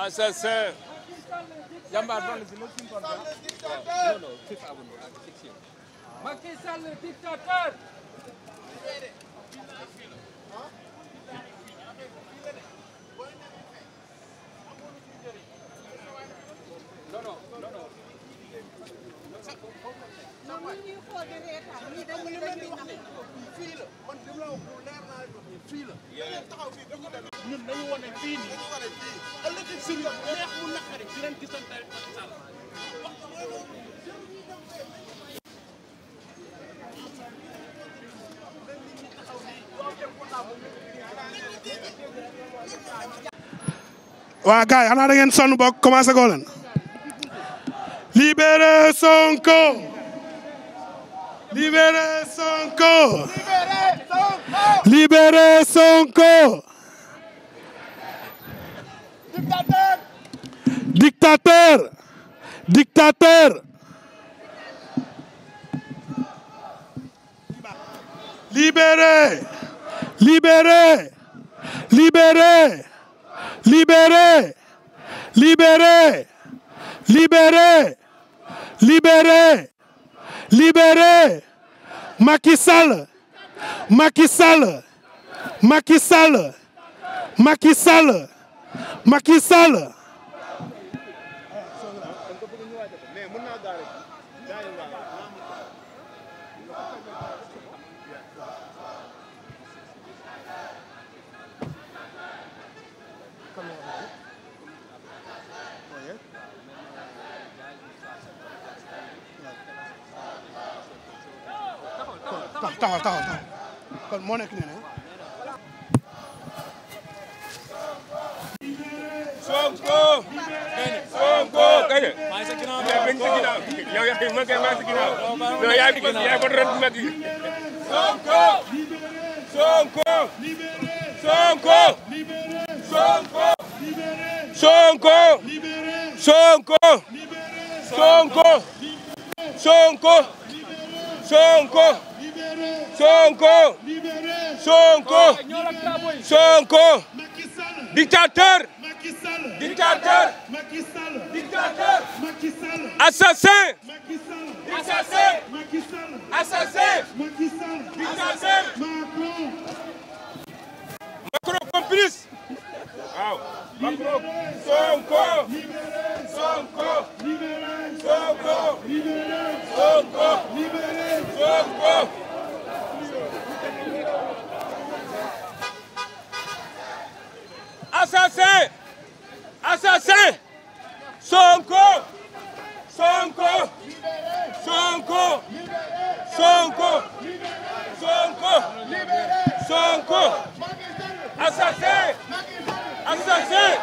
à sa sœur. jàmbaar ban la si lépp si mu non non fif abonné ak fix yow. Macky Sall le dictateur. non non non non. fii la. ñun dañu waa gars yi xanaa da ngeen sonn bokk commencé ko leen libérez Sonko libérez Sonko libérez dictateur dictateur dictateur libéré libéré libéré libéré libéré libéré libéré libéré Macky Sall Macky Sall Macky Sall Macky Sall Macky Sall taxawal taxawal taxawal kon moo nekk nii Sonko. Sonko kañ. maa ngi sa ginnaaw yow yaa Macky Sall. dictateur. Macky Sall. dictateur. Macky Sall. assassin. Macky Sall. assassin. Macky Sall. assassin. Macky Sall. dictateur. Macron. Macron complice. waaw. Macron. Sonko. libéré. Sonko. libéré. Sonko. libéré. Sonko. libéré. Sonko. assassin assassin Sonko Sonko Sonko Sonko Sonko Sonko assassin assassin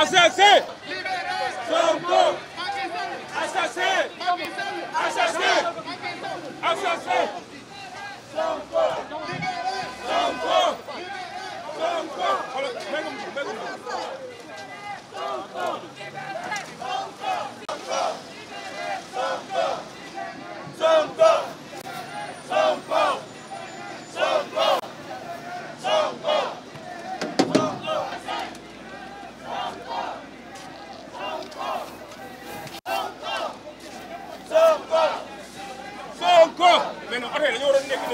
assassin Sonko assassin assassin assassin Sonko Sonko Sonko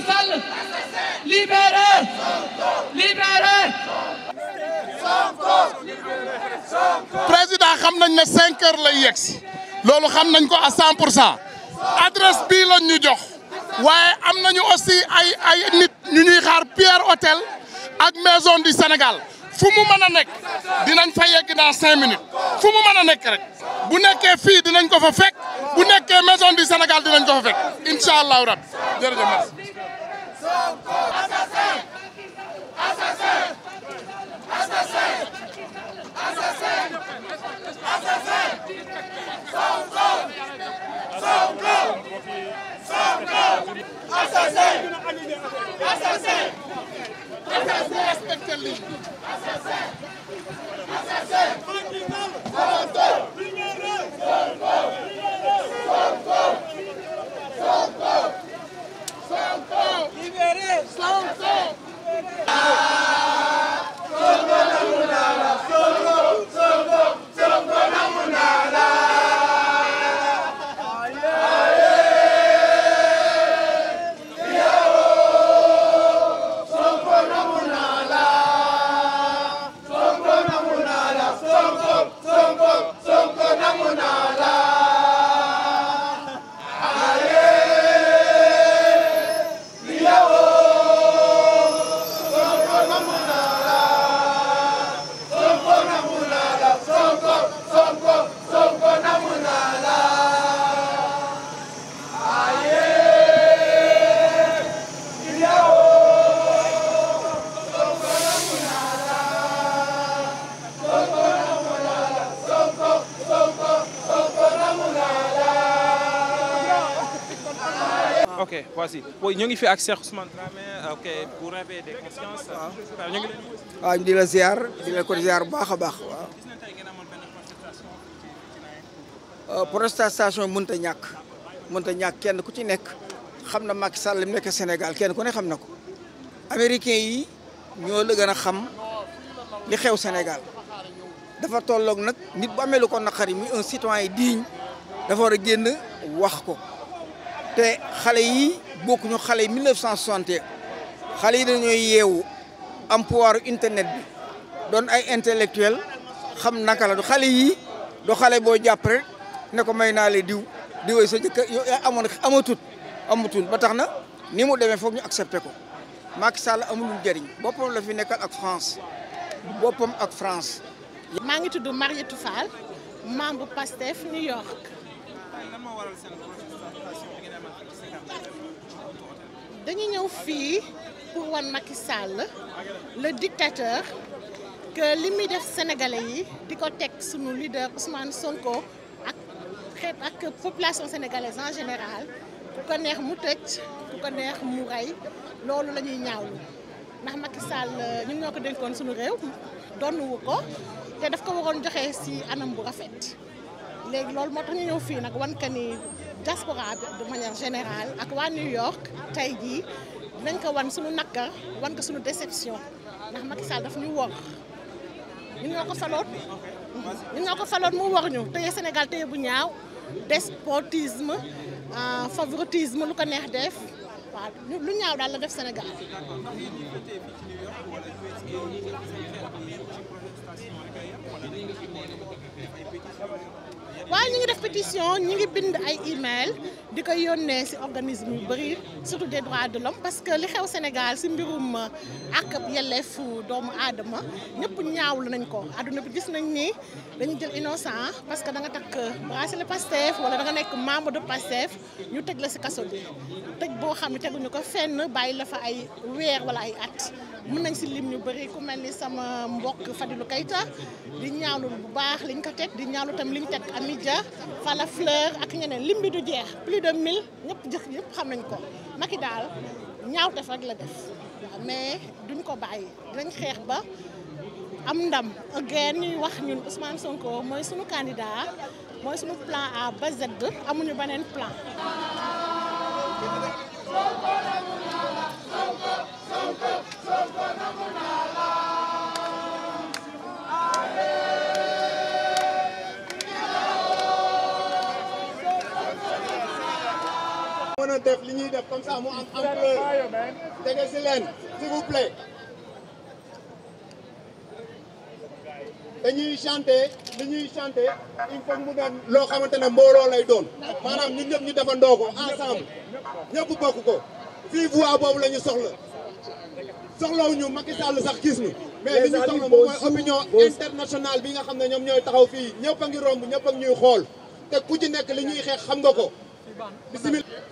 Macky président xam nañ ne cinq heures lay yegsi loolu xam nañ ko à cent pour cent adresse bii lañ ñu jox waaye am nañu aussi ay ay nit ñu ñuy xaar Pierre Hôtel ak Maison du Sénégal fu mu mën nekk dinañ fa yegg dans cinq minutes fu mu mën nekk rek bu nekkee fii dinañ ko fa fekk bu nekkee Maison du Sénégal dinañ ko fa fekk incha allahu rabbi jërëjëf Assassin! Assassin! Assassin! Assassin! ok voici ñu ngi fi ak Cheikh Ousmane Dramé ok bu ah, réveil ah, la ziar bu baax a baax waaw. gis nañ protestation ci euh, ñàkk mënut ñàkk kenn ku ci nekk xam na Macky Sall mu nekk Sénégal kenn ku ne xam na ko. américain yi ñoo la a xam li xew Sénégal dafa tolloog nag nit bu amee lu ko naqari muy un citoyen digne dafa war a génn wax ko. te xale yi bokkuñu xale yi 1960 xale yi dañooy yeewu am pouvoir internet bi doon ay intellectuel xam naka la du xale yi du xale boo jàpp rek ne ko may naa le diw diwee sa jëkk yow amoon amatut amatut ba tax na ni mu demee foofu ñu accepté ko Macky Sall amulul jëriñ boppam la fi nekkal ak France boppam ak France. maa ngi tudd Mariétou Fall membre PASTEF New York. dañu ñëw fii pour wan Macky Sall le dictateur que li muy def sénégalais yi di ko teg sunu leader Ousmane Sonko ak xeet ak population sénégalaise en général ku ko neex mu tëj ku ko neex mu rey loolu lañuy ñuy ñaawlu ndax Macky Sall ñun ñoo ko dénkoon sunu réew donnuwu ko te daf ko waroon joxe ci anam bu rafet. léegi lool moo tax ñu ñëw fii nag wan ka ni diaspora de manière générale ak waa New York tey jii dinañ ko wan suñu nakka wan ko suñu déception ndax Macky Sall daf ñu wor ñun ñoo ko faloon ñun ñoo ko faloon mu wor ñu téye Sénégal téye bu ñaaw despotisme euh, favoritisme lu ko neex def waaw lu ñaaw daal la def Sénégal. waaye ñu ngi def pétition ñu ngi bind ay email di ko yónnee ci organisme yu bëri surtout des droits de l'homme parce que li xew Sénégal ci mbirum euh, ak yelleefu doomu aadama ñëpp ñaawlu nañ ko àdduna bi gis nañ ni dañu jël innocent parce que da nga takk bracelet Pastef wala da nga nekk membre de Pastef ñu tëj la ci kaso bi tëj boo xam ne teguñu ko fenn bàyyi la fa ay weer wala ay at mun nañ si lim ñu bëri ku mel ni sama mbokk Fadilou Keita di ñaawlu bu baax liñ ko teg di ñaawlu tam liñ teg Amidia Falla Fleur ak ñeneen lim bi du jeex plus de 1000 ñëpp jëf yëpp xam nañ ko Macky daal ñaaw def rek la def waaw mais duñ ko bàyyi dañ xeex ba am ndam again ñuy wax ñun Ousmane Sonko mooy sunu candidat mooy sunu plan A ba Z amuñu beneen plan li ñuy def comme ça mu am ampleur tege si leen s'il dañuy chante li ñuy chanter il faut mu doon loo xamante ne mbooloo lay doon maanaam ñun ñëpp ñu defandoo ko ensemble ñëpp bokk ko fii voix boobu la ñu soxla soxlawuñu Macky Sall sax gis ñu mais li ñu soxla moom mooy opinion internationale bi nga xam ne ñoom ñooy taxaw fii ñëpp ngi romb ñëpp a ngi ñuy xool te ku ci nekk li ñuy xeex xam nga ko bismillah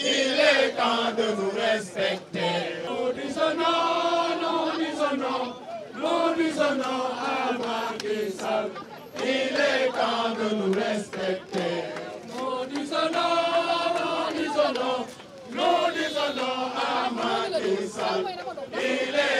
Il est temps de nous respecter. Nous disons non, nous disons non, nous disons non à Macky Sall. Il est temps de nous respecter. Nous disons non, nous disons non, nous disons non à Macky Sall. Il est